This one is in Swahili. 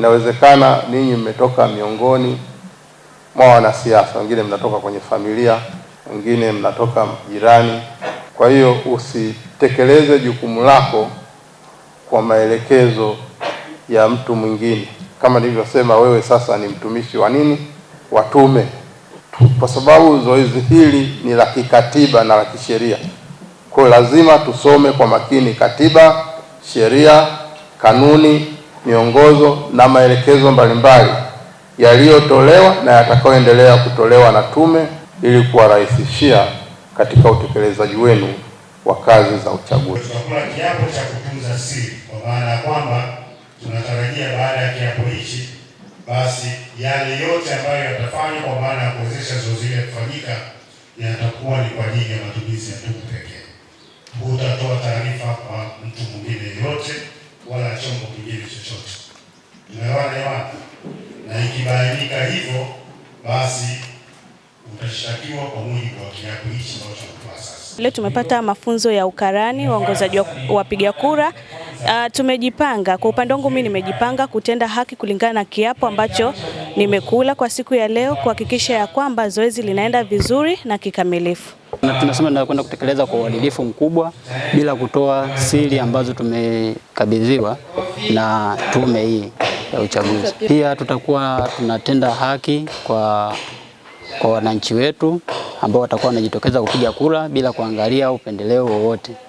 Inawezekana ninyi mmetoka miongoni mwa wanasiasa, wengine mnatoka kwenye familia, wengine mnatoka jirani. Kwa hiyo usitekeleze jukumu lako kwa maelekezo ya mtu mwingine. Kama nilivyosema, wewe sasa ni mtumishi wa nini? Wa tume, kwa sababu zoezi hili ni la kikatiba na la kisheria. Kwa lazima tusome kwa makini katiba, sheria, kanuni miongozo na maelekezo mbalimbali yaliyotolewa na yatakayoendelea kutolewa na Tume ili kuwarahisishia katika utekelezaji wenu wa kazi za uchaguzi. Tutakula kiapo cha kutunza siri, kwa maana ya kwamba tunatarajia baada ya kiapo hichi, basi yale yote ambayo yatafanywa kwa maana ya kuwezesha zoezi hili kufanyika yatakuwa ni kwa ajili ya matumizi ya tume pekee. Hutatoa taarifa kwa mtu mwingine yeyote wala chombo kingine chochote. Tumeelewana wapi? Na ikibainika hivyo, basi utashtakiwa kwa mujibu wa kiapo hichi ambacho tunakupa sasa. Leo tumepata mafunzo ya ukarani, waongozaji wa wapiga kura Uh, tumejipanga kwa upande wangu, mimi nimejipanga kutenda haki kulingana na kiapo ambacho nimekula kwa siku ya leo, kuhakikisha ya kwamba zoezi linaenda vizuri na kikamilifu. Na tunasema tunakwenda kutekeleza kwa uadilifu mkubwa bila kutoa siri ambazo tumekabidhiwa na tume hii ya uchaguzi. Pia tutakuwa tunatenda haki kwa kwa wananchi wetu ambao watakuwa wanajitokeza kupiga kura bila kuangalia upendeleo wowote.